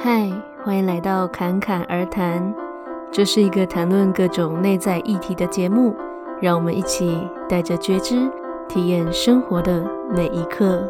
嗨，Hi, 歡迎來到侃侃而談。這是一個談論各種內在議題的節目，讓我們一起帶着覺知，體驗生活的每一刻。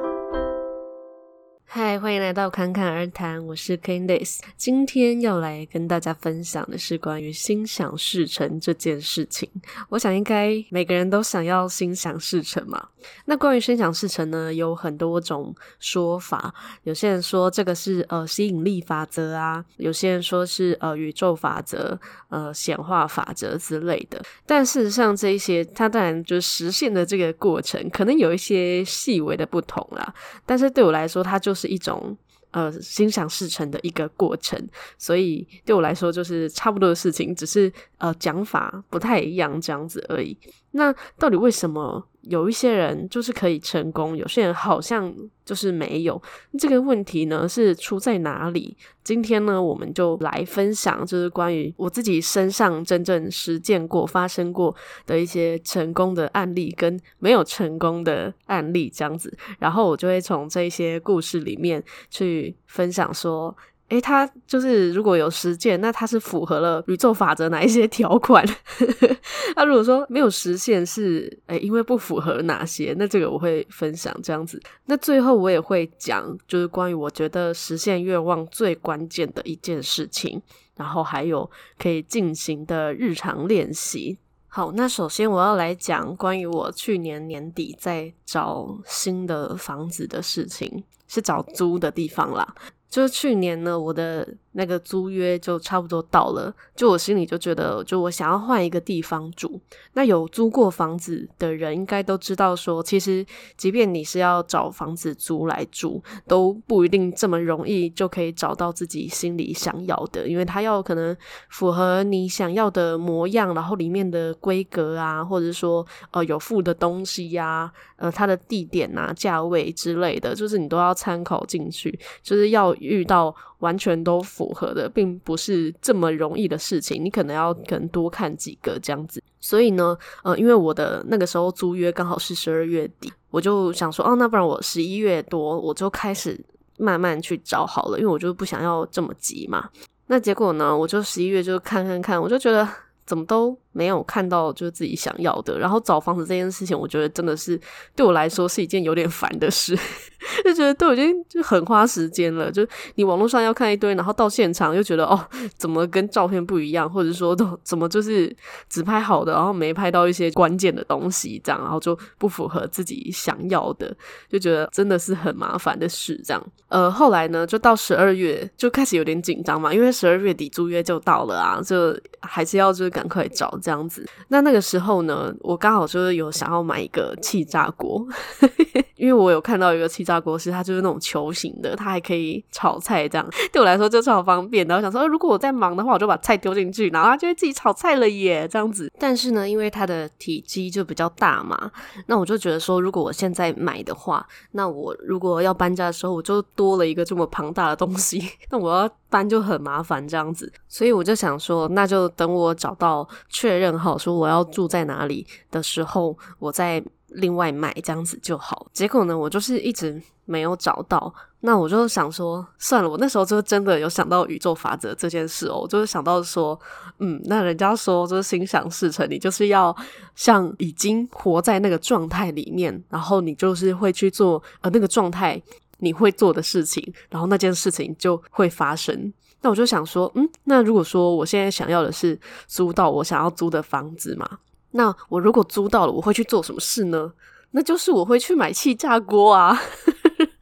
嗨，Hi, 歡迎來到坎坎而談，我是 Kendis。今天要來跟大家分享的是關於心想事成這件事情。我想應該每個人都想要心想事成嘛。那關於心想事成呢，有很多種說法。有些人說這個是呃吸引力法則啊，有些人說是呃宇宙法則、呃顯化法則之類的。但事實上，這一些它當然就是實現的這個過程，可能有一些細微的不同啦。但是對我來說，它就是是一種呃心想事成的一個過程，所以對我來說就是差不多的事情，只是呃講法不太一樣這樣子而已。那到底為什麼？有一些人就是可以成功，有些人好像就是沒有。這個問題呢是出在哪裡？今天呢我們就來分享，就是關於我自己身上真正實踐過、發生過的一些成功的案例跟沒有成功的案例這樣子。然後我就會從這些故事裡面去分享說。哎，它就是如果有實踐，那它是符合了宇宙法則哪一些條款？那、 啊、如果說沒有實現是，是哎因為不符合哪些？那這個我會分享這樣子。那最後我也會講，就是關於我覺得實現願望最關鍵的一件事情，然後還有可以進行的日常練習。好，那首先我要來講關於我去年年底在找新的房子的事情，是找租的地方啦。就是去年呢，我的那個租約就差不多到了，就我心裡就覺得，就我想要換一個地方住。那有租過房子的人應該都知道說，說其實即便你是要找房子租來住，都不一定這麼容易就可以找到自己心裡想要的，因為它要可能符合你想要的模樣，然後裡面的規格啊，或者說呃有附的東西呀、啊，呃它的地點啊、價位之類的，就是你都要參考進去，就是要。遇到完全都符合的，並不是這麼容易的事情。你可能要可能多看幾個這樣子，所以呢，呃、嗯，因為我的那個時候租約剛好是十二月底，我就想說，哦、啊，那不然我十一月多，我就開始慢慢去找好了，因為我就不想要這麼急嘛。那結果呢，我就十一月就看看看，我就覺得怎麼都。沒有看到就是自己想要的，然後找房子這件事情，我覺得真的是對我來說是一件有點煩的事，就覺得都已經就很花時間了。就你網絡上要看一堆，然後到現場又覺得哦，怎麼跟照片不一樣，或者說都怎麼就是只拍好的，然後沒拍到一些關鍵的東西，這樣，然後就不符合自己想要的，就覺得真的是很麻煩的事。這樣，呃，後來呢，就到十二月就開始有點緊張嘛，因為十二月底租約就到了啊，就還是要就是趕快找。這樣子，那那個時候呢，我剛好就是有想要買一個氣炸鍋， 因為我有看到一個氣炸鍋是它就是那種球形的，它還可以炒菜，這樣對我來說就是好方便。然後我想說，如果我在忙的話，我就把菜丟進去，然後它就會自己炒菜了耶，這樣子。但是呢，因為它的體積就比較大嘛，那我就覺得說，如果我現在買的話，那我如果要搬家的時候，我就多了一個這麼龐大的東西，那我要搬就很麻煩。這樣子，所以我就想說，那就等我找到確。確認好，說我要住在哪裡的時候，我再另外買這樣子就好。結果呢，我就是一直沒有找到。那我就想說，算了，我那時候就真的有想到宇宙法則這件事哦，我就是想到說，嗯，那人家說就是心想事成，你就是要像已經活在那個狀態裡面，然後你就是會去做呃那個狀態你會做的事情，然後那件事情就會發生。那我就想說，嗯，那如果說我現在想要的是租到我想要租的房子嘛，那我如果租到了，我會去做什麼事呢？那就是我會去買氣炸鍋啊。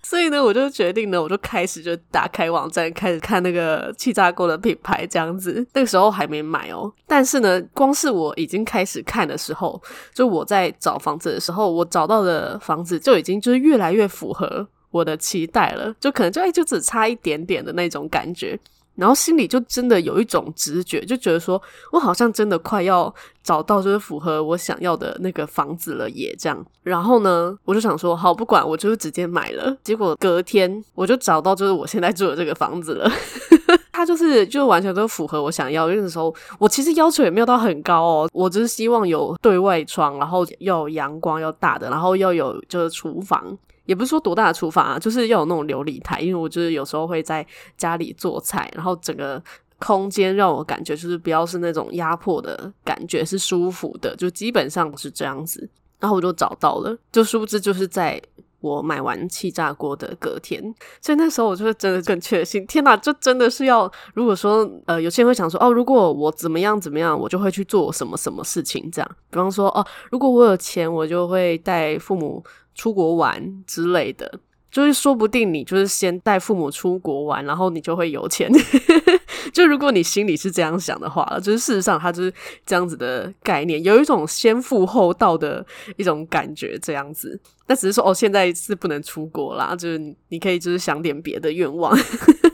所以呢，我就決定呢，我就開始就打開網站，開始看那個氣炸鍋的品牌這樣子。那個時候還沒買哦，但是呢，光是我已經開始看的時候，就我在找房子的時候，我找到的房子就已經就是越來越符合我的期待了，就可能就就只差一點點的那種感覺。然後心裡就真的有一種直覺，就覺得說我好像真的快要找到就是符合我想要的那個房子了耶這樣。然後呢，我就想說好，不管我就是直接買了。結果隔天我就找到就是我現在住的這個房子了，它 就是就完全都符合我想要。因為那時候我其實要求也沒有到很高哦，我只是希望有對外窗，然後要有陽光要大的，然後要有就是廚房。也不是說多大的廚房啊，就是要有那種流理台，因為我就是有時候會在家裡做菜，然後整個空間讓我感覺就是不要是那種壓迫的感覺，是舒服的，就基本上是這樣子。然後我就找到了，就殊不知就是在我買完氣炸鍋的隔天，所以那時候我就會真的更確信，天哪，這真的是要。如果說呃，有些人會想說哦，如果我怎麼樣怎麼樣，我就會去做什麼什麼事情這樣。比方說哦，如果我有錢，我就會帶父母。出國玩之類的就是，說不定你就是先帶父母出國玩，然後你就會有錢。 就如果你心裡是這樣想的話，就是事實上他就是這樣子的概念，有一種先富後到的一種感覺，這樣子。那只是說，哦，現在是不能出國啦，就是你可以就是想點別的願望。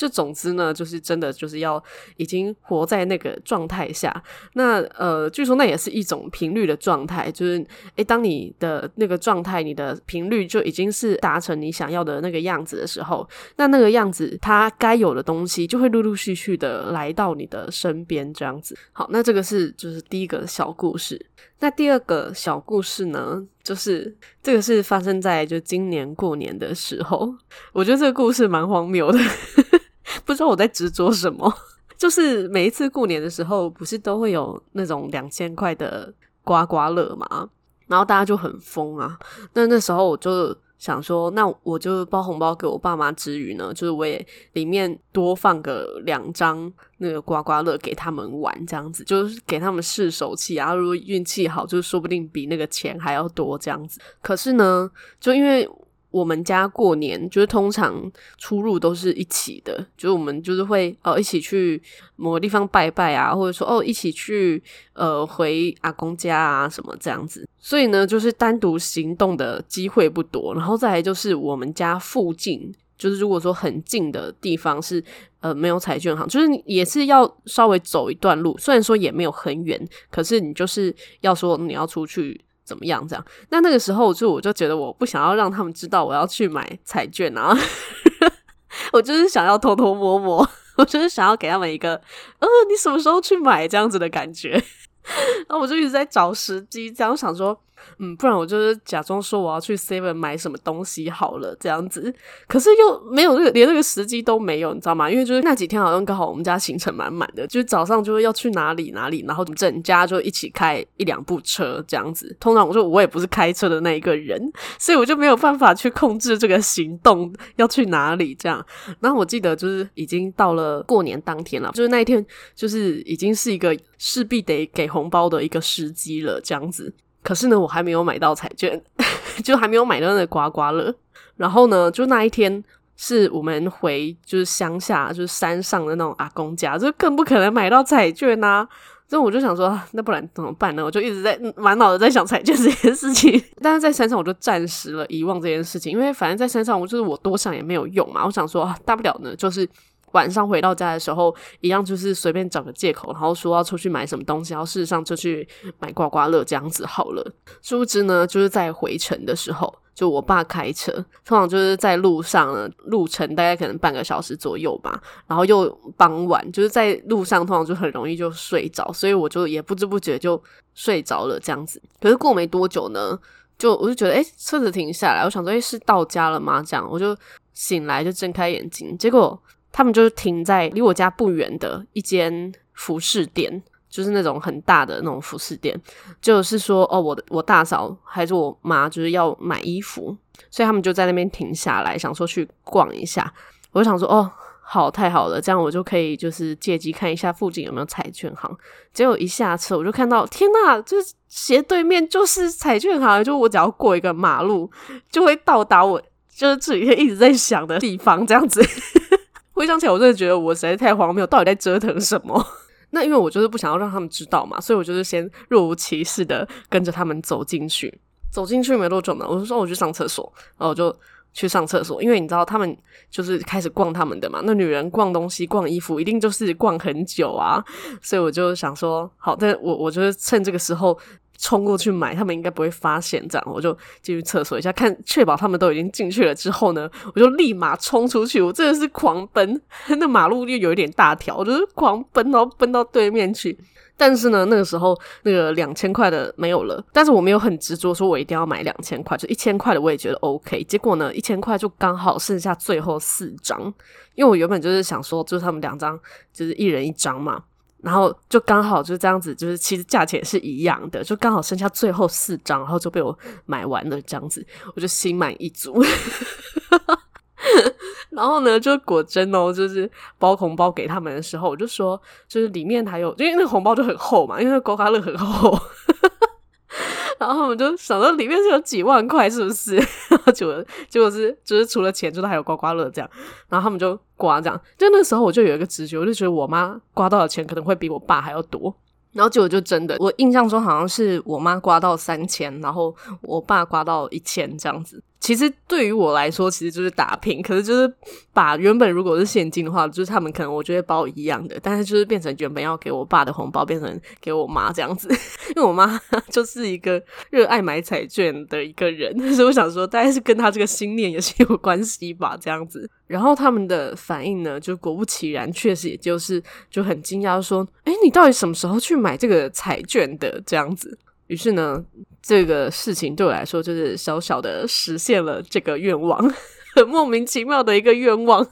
就總之呢，就是真的就是要已經活在那個狀態下。那呃，據說那也是一種頻率的狀態，就是誒、欸，當你的那個狀態、你的頻率就已經是達成你想要的那個樣子的時候，那那個樣子它該有的東西就會陸陸續續的來到你的身邊，這樣子。好，那這個是就是第一個小故事。那第二個小故事呢，就是這個是發生在就今年過年的時候。我覺得這個故事蠻荒謬的。不知道我在執着什麼， 就是每一次過年的時候，不是都會有那種兩千塊的刮刮樂嘛？然後大家就很瘋啊。那那時候我就想說，那我就包紅包給我爸媽之餘呢，就是我也裡面多放個兩張那個刮刮樂給他們玩，這樣子，就是給他們試手氣啊。如果運氣好，就說不定比那個錢還要多這樣子。可是呢，就因為。我們家過年就是通常出入都是一起的，就是我們就是會哦一起去某個地方拜拜啊，或者說哦一起去呃回阿公家啊什麼這樣子。所以呢，就是單獨行動的機會不多。然後再來就是我們家附近，就是如果說很近的地方是呃沒有彩券行，就是也是要稍微走一段路。雖然說也沒有很遠，可是你就是要說你要出去。怎麼樣？這樣，那那個時候我就我就覺得我不想要讓他們知道我要去買彩券啊， 我就是想要偷偷摸摸，我就是想要給他們一個，呃，你什麼時候去買這樣子的感覺。 然後我就一直在找時機，這樣想說。嗯，不然我就是假裝說我要去 Seven 買什麼東西好了，這樣子。可是又沒有那個，連那個時機都沒有，你知道嗎？因為就是那幾天好像剛好我們家行程滿滿的，就是早上就會要去哪裡哪裡，然後整家就一起開一兩部車這樣子。通常我說我也不是開車的那一個人，所以我就沒有辦法去控制這個行動要去哪裡這樣。然後我記得就是已經到了過年當天了，就是那一天就是已經是一個勢必得給紅包的一個時機了，這樣子。可是呢，我還沒有買到彩券。 就還沒有買到那刮刮樂。然後呢，就那一天是我們回就是鄉下，就是山上的那種阿公家，就更不可能買到彩券啊。所以我就想說，那不然怎麼辦呢？我就一直在滿腦子在想彩券這件事情。 但是在山上，我就暫時了遺忘這件事情，因為反正，在山上我就是我多想也沒有用嘛。我想說，大不了呢，就是。晚上回到家的時候，一樣就是隨便找個借口，然後說要出去買什麼東西，然後事實上就去買刮刮樂這樣子好了。殊不知呢，就是在回程的時候，就我爸開車，通常就是在路上呢，路程大概可能半個小時左右吧。然後又傍晚，就是在路上，通常就很容易就睡着，所以我就也不知不覺就睡着了這樣子。可是過沒多久呢，就我就覺得誒、欸、車子停下來，我想說，哎、欸、是到家了嗎？這樣我就醒來，就睜開眼睛，結果。他們就停在離我家不遠的一間服飾店，就是那種很大的那種服飾店。就是說，哦，我的我大嫂還是我媽就是要買衣服，所以他們就在那邊停下來，想說去逛一下。我就想說，哦，好，太好了，這樣我就可以就是借機看一下附近有沒有彩券行。結果一下車，我就看到，天哪，就是斜對面就是彩券行，就我只要過一個馬路就會到達我就是這幾天一直在想的地方，這樣子。 回想起來，我真的覺得我實在太荒謬，我到底在折騰什麼？ 那因為我就是不想要讓他們知道嘛，所以我就是先若無其事的跟着他們走進去，走進去沒多久呢，我就說我去上廁所，然後我就去上廁所。因為你知道他們就是開始逛他們的嘛，那女人逛東西、逛衣服，一定就是逛很久啊，所以我就想說，好，但我我就是趁這個時候。衝過去買，他們應該不會發現這樣。我就進去廁所一下，看確保他們都已經進去了之後呢，我就立馬衝出去。我真的是狂奔，那馬路又有一點大條，我就是狂奔，然後奔到對面去。但是呢，那個時候那個兩千塊的沒有了，但是我沒有很執着，說我一定要買兩千塊，就一千塊的我也覺得 OK。結果呢，一千塊就剛好剩下最後四張，因為我原本就是想說，就是他們兩張，就是一人一張嘛。然後就剛好就是這樣子，就是其實價錢是一樣的，就剛好剩下最後四張，然後就被我買完了這樣子，我就心滿意足。 然後呢，就果真哦，就是包紅包給他們的時候，我就說，就是裡面還有，因為那個紅包就很厚嘛，因為那刮刮樂很厚。然後他們就想到裡面是有幾萬塊，是不是？結果結果是，就是除了錢之外還有刮刮樂這樣。然後他們就刮這樣。就那時候我就有一個直覺，我就覺得我媽刮到的錢可能會比我爸還要多。然後結果就真的，我印象中好像是我媽刮到三千，然後我爸刮到一千這樣子。其實對於我來說，其實就是打平，可是就是把原本如果是現金的話，就是他們可能我就會包一樣的，但是就是變成原本要給我爸的紅包變成給我媽這樣子。因為我媽就是一個熱愛買彩券的一個人，但是我想說大概是跟他這個心念也是有關係吧，這樣子。然後他們的反應呢，就果不其然，確實也就是就很驚訝，說：“哎，你到底什麼時候去買這個彩券的？”這樣子。於是呢，這個事情對我來說就是小小的實現了這個願望，很莫名其妙的一個願望。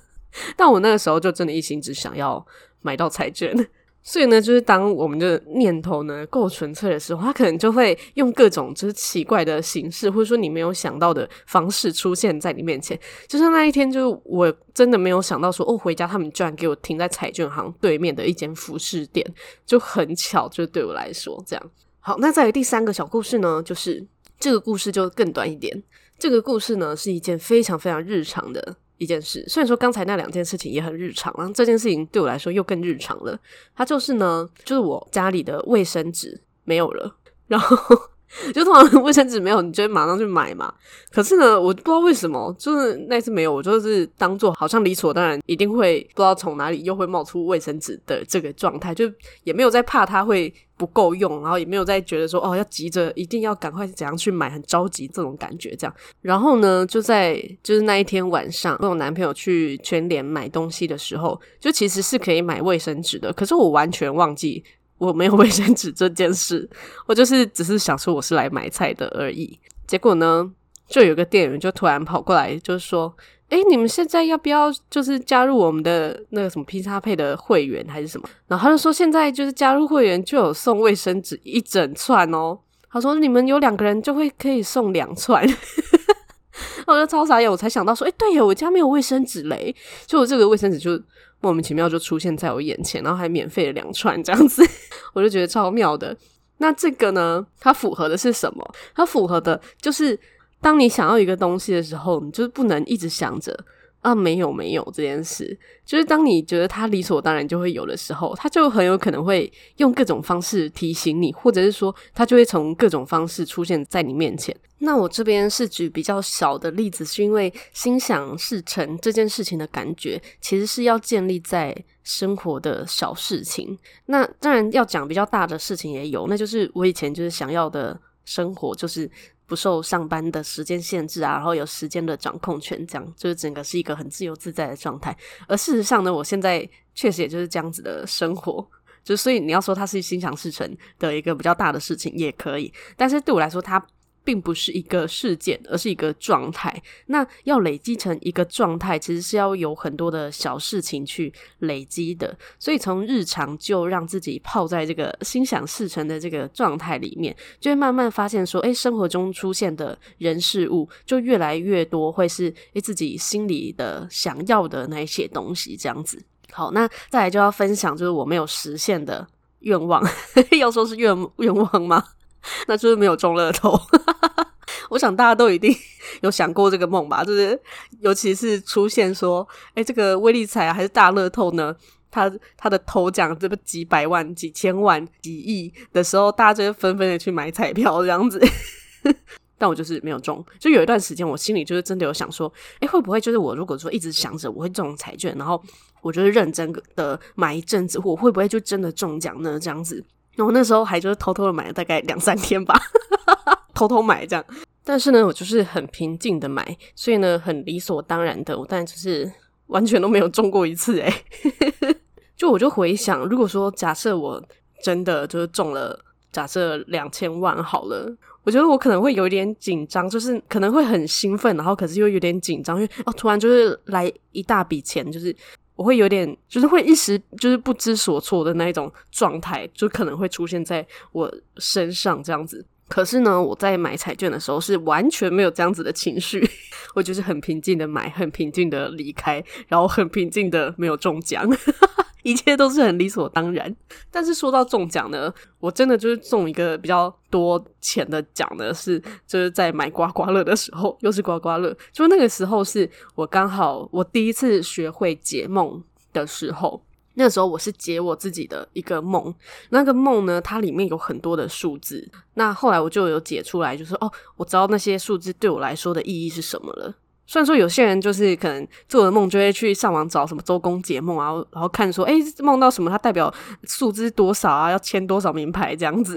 但我那個時候就真的一心只想要買到彩券。所以呢，就是當我們的念頭呢夠純粹的時候，它可能就會用各種就是奇怪的形式，或者說你沒有想到的方式出現在你面前。就像那一天，就是我真的沒有想到說，哦，回家他們居然給我停在彩券行對面的一間服飾店，就很巧，就對我來說這樣。好，那再第三個小故事呢，就是這個故事就更短一點。這個故事呢，是一件非常非常日常的，一件事，雖然說剛才那兩件事情也很日常啊，然後這件事情對我來說又更日常了，它就是呢，就是我家裡的衛生紙沒有了，然後。就通常衛生紙沒有，你就會馬上去買嘛。可是呢，我不知道為什麼，就是那次沒有，我就是當做好像理所當然，一定會不知道從哪裡又會冒出衛生紙的這個狀態，就也沒有在怕它會不夠用，然後也沒有在覺得說哦，要急着一定要趕快怎樣去買，很着急這種感覺。這樣，然後呢，就在就是那一天晚上跟我男朋友去全聯買東西的時候，就其實是可以買衛生紙的，可是我完全忘記。我沒有衛生紙這件事，我就是只是想說我是來買菜的而已。結果呢，就有個店員就突然跑過來，就是說：“欸，你們現在要不要就是加入我們的那個什麼 PX Pay 的會員還是什麼？”然後他就說現在就是加入會員就有送衛生紙一整串哦。他說你們有兩個人就會可以送兩串。 超傻眼，我才想到說，哎、欸，對呀，我家沒有衛生紙嘞，就我這個衛生紙就莫名其妙就出現在我眼前，然後還免費了兩串這樣子，我就覺得超妙的。那這個呢，它符合的是什麼？它符合的就是，當你想要一個東西的時候，你就是不能一直想着。啊，沒有沒有這件事，就是當你覺得他理所當然就會有的時候，他就很有可能會用各種方式提醒你，或者是說他就會從各種方式出現在你面前。那我這邊是舉比較小的例子，是因為心想事成這件事情的感覺，其實是要建立在生活的小事情。那當然要講比較大的事情也有，那就是我以前就是想要的生活，就是。不受上班的時間限制啊，然後有時間的掌控權，這樣就是整個是一個很自由自在的狀態。而事實上呢，我現在確實也就是這樣子的生活，就所以你要說它是心想事成的一個比較大的事情也可以，但是對我來說它，他並不是一個事件，而是一個狀態。那要累積成一個狀態，其實是要有很多的小事情去累積的。所以從日常就讓自己泡在這個心想事成的這個狀態裡面，就會慢慢發現說，哎、欸，生活中出現的人事物就越來越多，會是誒自己心裡的想要的那些東西這樣子。好，那再來就要分享，就是我沒有實現的願望。 要說是願願望嗎？那就是沒有中樂透， 我想大家都一定有想過這個夢吧？就是尤其是出現說，哎、欸，這個威力彩、啊、還是大樂透呢？他他的頭獎這不幾百萬、幾千萬、幾億的時候，大家就紛紛的去買彩票這樣子。 但我就是沒有中。就有一段時間，我心裡就是真的有想說，哎、欸，會不會就是我如果說一直想着我會中彩券，然後我就是認真的買一陣子，我會不會就真的中獎呢？這樣子。然後那，那時候還就是偷偷的買了大概兩三天吧， 偷偷買這樣。但是呢，我就是很平靜的買，所以呢，很理所當然的，我當然就是完全都沒有中過一次哎、欸。 就我就回想，如果說假設我真的就是中了，假設兩千萬好了，我覺得我可能會有點緊張，就是可能會很興奮，然後可是又有點緊張，因為哦，突然就是來一大筆錢，就是。我會有點，就是會一時就是不知所措的那一種狀態，就可能會出現在我身上這樣子。可是呢，我在買彩券的時候是完全沒有這樣子的情緒， 我就是很平靜的買，很平靜的離開，然後很平靜的沒有中獎。 一切都是很理所當然，但是說到中獎呢，我真的就是中一個比較多錢的獎的是，就是在買刮刮樂的時候，又是刮刮樂，就那個時候是我剛好我第一次學會解夢的時候，那個時候我是解我自己的一個夢，那個夢呢，它裡面有很多的數字，那後來我就有解出來，就是哦，我知道那些數字對我來說的意義是什麼了。雖然說有些人就是可能做的夢，就會去上網找什麼周公解夢啊，然後看說，誒、欸、夢到什麼，它代表數字多少啊，要簽多少名牌，這樣子。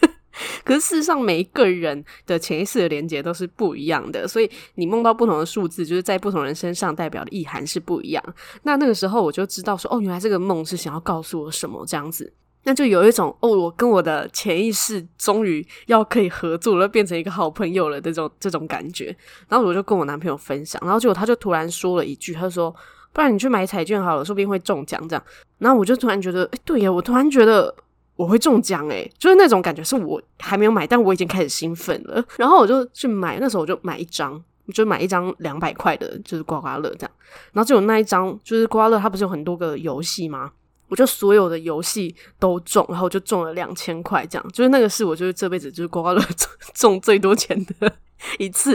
可是事實上，每一個人的潛意識的連接都是不一樣的，所以你夢到不同的數字，就是在不同人身上代表的意涵是不一樣。那那個時候我就知道說，哦，原來這個夢是想要告訴我什麼這樣子。那就有一種哦，我跟我的潛意識終於要可以合作了，變成一個好朋友了這種這種感覺。然後我就跟我男朋友分享，然後結果他就突然說了一句：“他說，不然你去買彩券好了，說不定會中獎。”這樣，然後我就突然覺得，哎，對呀、啊，我突然覺得我會中獎誒，就是那種感覺，是我還沒有買，但我已經開始興奮了。然後我就去買，那時候我就買一張，就買一張兩百塊的，就是刮刮樂這樣。然後就有那一張，就是刮刮樂，它不是有很多個遊戲嗎？我就所有的遊戲都中，然後就中了兩千塊，這樣。就是那個是，我就是這輩子就是刮刮樂中最多錢的一次。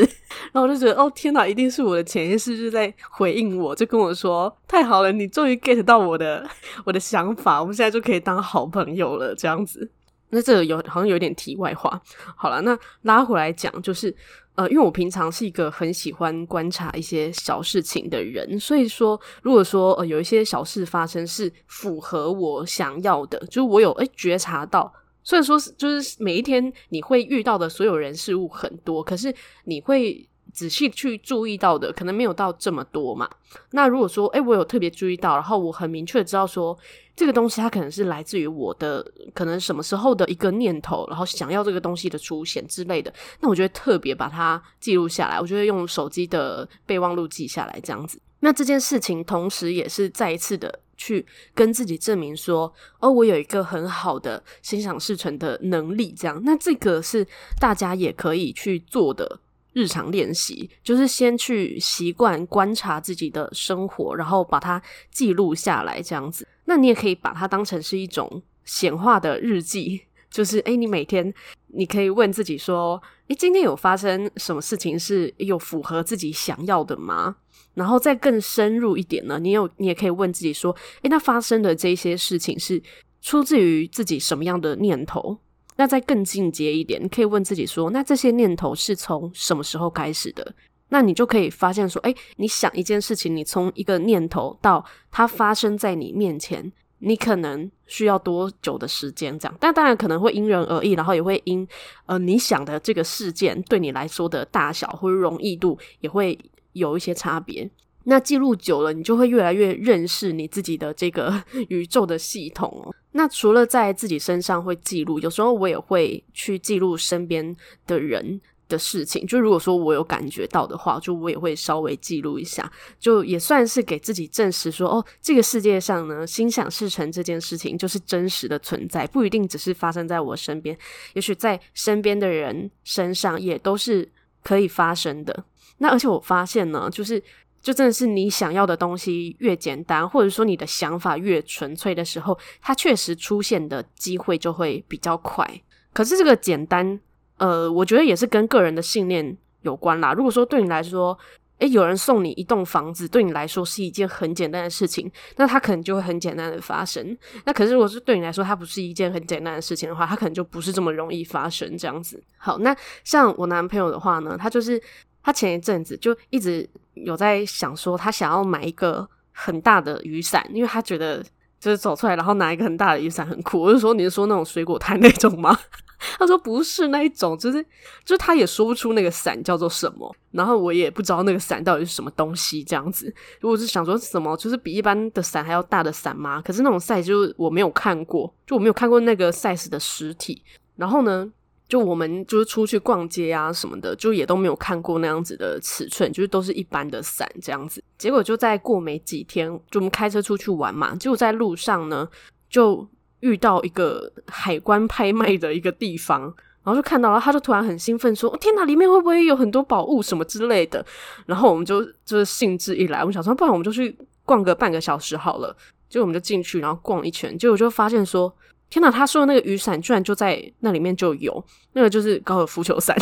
然後我就覺得，哦，天哪啊，一定是我的潛意識就在回應我，就跟我說太好了，你終於 get 到我的我的想法，我們現在就可以當好朋友了，這樣子。那這個有好像有點題外話，好啦，那拉回來講就是。呃，因為我平常是一個很喜歡觀察一些小事情的人，所以說，如果說呃有一些小事發生是符合我想要的，就是我有哎、欸、覺察到，所以說，就是每一天你會遇到的所有人事物很多，可是你會。仔細去注意到的，可能沒有到這麼多嘛。那如果說，哎、欸，我有特別注意到，然後我很明確知道說，這個東西它可能是來自於我的，可能什麼時候的一個念頭，然後想要這個東西的出現之類的。那我就會特別把它記錄下來，我就會用手機的備忘錄記下來，這樣子。那這件事情同時也是再一次的去跟自己證明說，哦，我有一個很好的心想事成的能力。這樣，那這個是大家也可以去做的。日常練習就是先去習慣觀察自己的生活，然後把它記錄下來，這樣子。那你也可以把它當成是一種顯化的日記，就是誒你每天你可以問自己說，誒今天有發生什麼事情是有符合自己想要的嗎？然後再更深入一點呢，你有你也可以問自己說，誒那發生的這些事情是出自於自己什麼樣的念頭？那再更進階一點，你可以問自己說：那這些念頭是從什麼時候開始的？那你就可以發現說，哎、欸，你想一件事情，你從一個念頭到它發生在你面前，你可能需要多久的時間？這樣，但當然可能會因人而異，然後也會因，呃，你想的這個事件對你來說的大小或容易度也會有一些差別。那記錄久了，你就會越來越認識你自己的這個宇宙的系統。那除了在自己身上會記錄，有時候我也會去記錄身邊的人的事情。就如果說我有感覺到的話，就我也會稍微記錄一下，就也算是給自己證實說，哦，這個世界上呢，心想事成這件事情就是真實的存在，不一定只是發生在我身邊，也許在身邊的人身上也都是可以發生的。那而且我發現呢，就是。就真的是你想要的東西越簡單，或者說你的想法越純粹的時候，它確實出現的機會就會比較快。可是這個簡單，呃，我覺得也是跟個人的信念有關啦。如果說對你來說，誒，有人送你一棟房子，對你來說是一件很簡單的事情，那它可能就會很簡單的發生。那可是如果是對你來說，它不是一件很簡單的事情的話，它可能就不是這麼容易發生這樣子。好，那像我男朋友的話呢，他就是。他前一陣子就一直有在想說，他想要買一個很大的雨傘，因為他覺得就是走出來，然後拿一個很大的雨傘很酷。我就說，你是說那種水果攤那種嗎？ 他說不是那一種，就是就是他也說不出那個傘叫做什麼，然後我也不知道那個傘到底是什麼東西。這樣子，如果是想說什麼，就是比一般的傘還要大的傘嗎？可是那種 size 就是我沒有看過，就我沒有看過那個 size 的實體。然後呢，就我們就是出去逛街啊什麼的，就也都沒有看過那樣子的尺寸，就是都是一般的傘這樣子。結果就在過沒幾天，就我們開車出去玩嘛，結果在路上呢就遇到一個海關拍賣的一個地方，然後就看到了，他就突然很興奮說：“哦，天哪，裡面會不會有很多寶物什麼之類的？”然後我們就就是興致一來，我們想說，不然我們就去逛個半個小時好了。就我們就進去，然後逛一圈，結果就發現說，天哪！他說的那個雨傘居然就在那裡面就有，那個就是高爾夫球傘。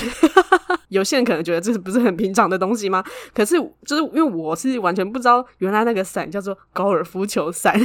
有些人可能覺得這是不是很平常的東西嗎？可是就是因為我是完全不知道原來那個傘叫做高爾夫球傘，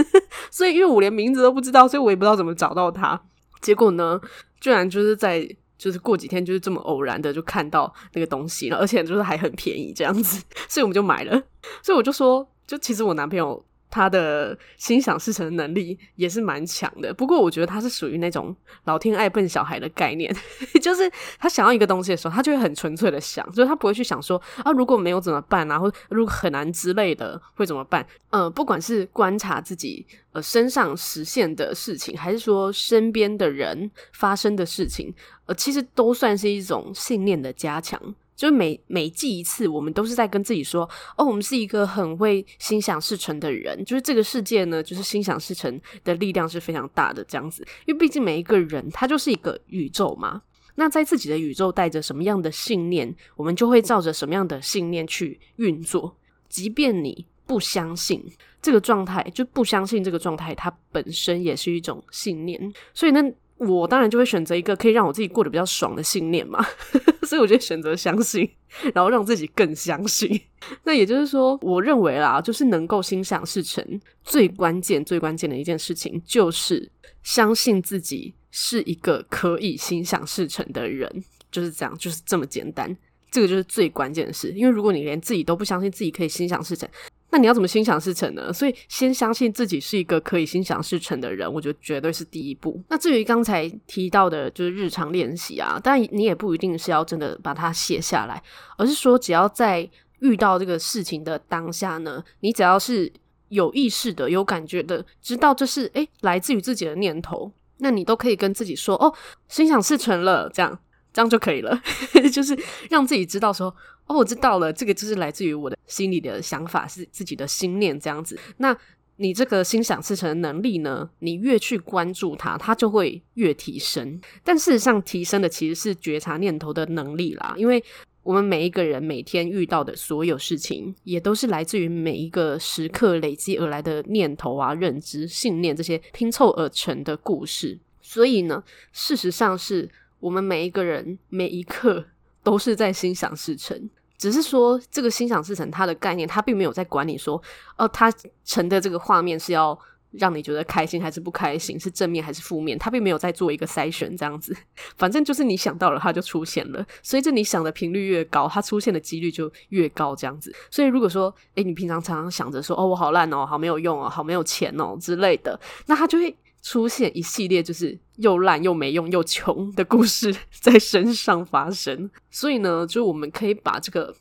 所以因為我連名字都不知道，所以我也不知道怎麼找到它。結果呢，居然就是在就是過幾天就是這麼偶然的就看到那個東西了，而且就是還很便宜這樣子，所以我們就買了。所以我就說，就其實我男朋友。他的心想事成的能力也是蠻強的，不過我覺得他是屬於那種老天愛笨小孩的概念，就是他想要一個東西的時候，他就會很純粹的想，所以他不會去想說啊如果沒有怎麼辦，啊，然後如果很難之類的會怎麼辦。呃，不管是觀察自己，呃，身上實現的事情，還是說身邊的人發生的事情，呃，其實都算是一種信念的加強。就是每每記一次，我們都是在跟自己說：哦，我們是一個很會心想事成的人。就是這個世界呢，就是心想事成的力量是非常大的這樣子。因為畢竟每一個人他就是一個宇宙嘛，那在自己的宇宙帶着什麼樣的信念，我們就會照着什麼樣的信念去運作。即便你不相信這個狀態，就不相信這個狀態，它本身也是一種信念。所以呢，我當然就會選擇一個可以讓我自己過得比較爽的信念嘛， 所以我就選擇相信，然後讓自己更相信。那也就是說，我認為啦，就是能夠心想事成，最關鍵、最關鍵的一件事情就是相信自己是一個可以心想事成的人，就是這樣，就是這麼簡單。這個就是最關鍵的事，因為如果你連自己都不相信自己可以心想事成。那你要怎麼心想事成呢？所以先相信自己是一個可以心想事成的人，我覺得絕對是第一步。那至於剛才提到的，就是日常練習啊，當然你也不一定是要真的把它寫下來，而是說只要在遇到這個事情的當下呢，你只要是有意識的、有感覺的，知道這是誒、欸，來自於自己的念頭，那你都可以跟自己說：“哦，心想事成了。”這樣，這樣就可以了， 就是讓自己知道說。哦，我知道了，這個就是來自於我的心裡的想法，是自己的心念這樣子。那你這個心想事成的能力呢？你越去關注它，它就會越提升。但事實上，提升的其實是覺察念頭的能力啦。因為我們每一個人每天遇到的所有事情，也都是來自於每一個時刻累積而來的念頭啊、認知、信念這些拼湊而成的故事。所以呢，事實上是我們每一個人每一刻都是在心想事成。只是說這個心想事成，它的概念，它並沒有在管你說，哦，它成的這個畫面是要讓你覺得開心還是不開心，是正面還是負面，它並沒有在做一個篩選這樣子。反正就是你想到了，它就出現了。隨着你想的頻率越高，它出現的幾率就越高這樣子。所以，如果說，哎，你平常常常想着說，哦，我好爛哦，好沒有用哦，好沒有錢哦之類的，那它就會。出現一系列就是又爛又沒用又窮的故事在身上發生，所以呢，就我們可以把這個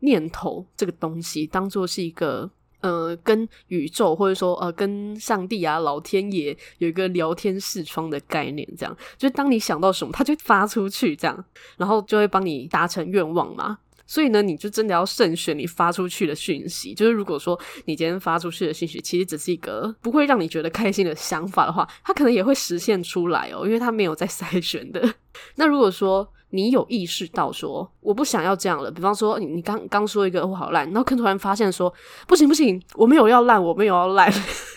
念頭這個東西當作是一個呃，跟宇宙或者說呃，跟上帝啊、老天爺有一個聊天視窗的概念，這樣，就當你想到什麼，它就發出去，這樣，然後就會幫你達成願望嘛。所以呢，你就真的要慎選你發出去的訊息。就是如果說你今天發出去的訊息，其實只是一個不會讓你覺得開心的想法的話，它可能也會實現出來哦，因為它沒有在篩選的。那如果說你有意識到說我不想要這樣了，比方說你剛剛說一個我好爛，然後更突然發現說不行不行，我沒有要爛，我沒有要爛。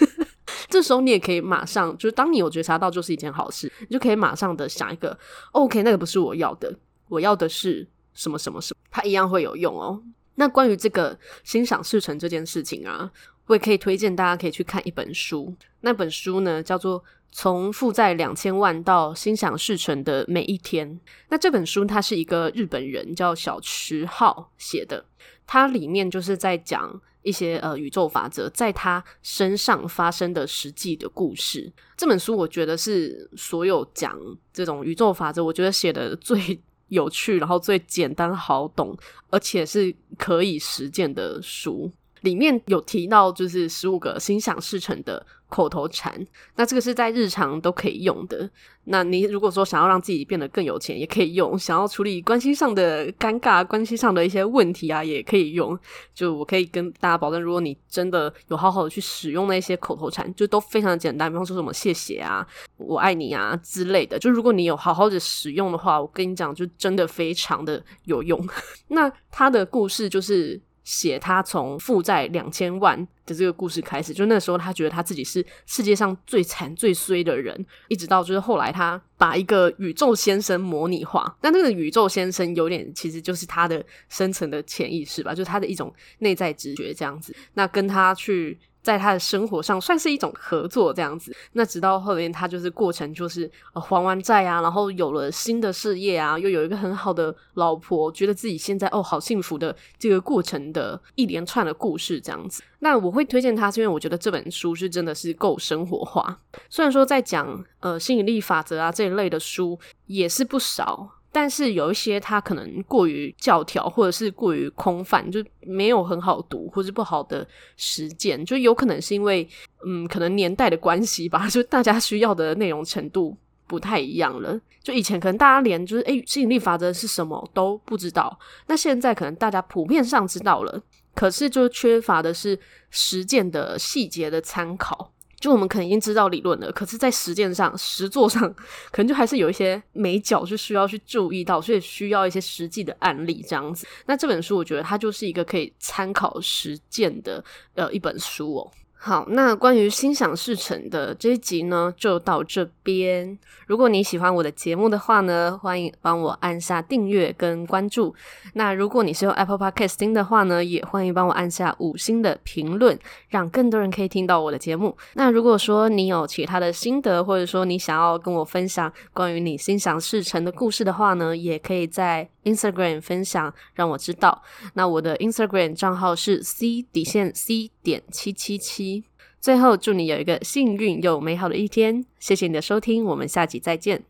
這時候你也可以馬上，就是當你有覺察到就是一件好事，你就可以馬上的想一個 OK，那個不是我要的，我要的是，什麼什麼什麼，它一樣會有用哦。那關於這個心想事成這件事情啊，我也可以推薦大家可以去看一本書。那本書呢，叫做《從負債兩千萬到心想事成的每一天》。那這本書它是一個日本人叫小池浩寫的，它裡面就是在講一些呃宇宙法則在他身上發生的實際的故事。這本書我覺得是所有講這種宇宙法則，我覺得寫得最。有趣，然後最簡單好懂，而且是可以實踐的書。裡面有提到，就是十五個心想事成的口頭禪，那這個是在日常都可以用的。那你如果說想要讓自己變得更有錢，也可以用；想要處理關係上的尷尬、關係上的一些問題啊，也可以用。就我可以跟大家保證，如果你真的有好好的去使用那些口頭禪，就都非常簡單，比方說什麼謝謝啊、我愛你啊之類的。就如果你有好好的使用的話，我跟你講，就真的非常的有用。 那他的故事就是。寫他從負債兩千萬。的這個故事開始，就那時候他覺得他自己是世界上最慘最衰的人，一直到就是後來他把一個宇宙先生模擬化，但那，那個宇宙先生有點其實就是他的深層的潛意識吧，就是他的一種內在直覺這樣子。那跟他去在他的生活上算是一種合作這樣子。那直到後面他就是過程就是，呃，還完債啊，然後有了新的事業啊，又有一個很好的老婆，覺得自己現在哦好幸福的這個過程的一連串的故事這樣子。那我會推薦他，是因為我覺得這本書是真的是夠生活化。雖然說在講呃吸引力法則啊這一類的書也是不少，但是有一些它可能過於教條，或者是過於空泛，就沒有很好讀，或是不好的實踐。就有可能是因為嗯，可能年代的關係吧，就大家需要的內容程度不太一樣了。就以前可能大家連就是欸吸引力法則是什麼都不知道，那現在可能大家普遍上知道了。可是，就缺乏的是實踐的細節的參考。就我們可能已經知道理論了，可是，在實踐上，實做上，可能就還是有一些眉角是需要去注意到，所以需要一些實際的案例這樣子。那這本書，我覺得它就是一個可以參考實踐的呃一本書哦。好，那關於心想事成的這一集呢，就到這邊。如果你喜歡我的節目的話呢，歡迎幫我按下訂閱跟關注。那如果你是用 Apple Podcasting 的話呢，也歡迎幫我按下五星的評論，讓更多人可以聽到我的節目。那如果說你有其他的心得，或者說你想要跟我分享關於你心想事成的故事的話呢，也可以在。Instagram 分享，讓我知道。那我的 Instagram 賬號是 C 底線 C 點七七七。最後，祝你有一個幸運又美好的一天。謝謝你的收聽，我們下集再見。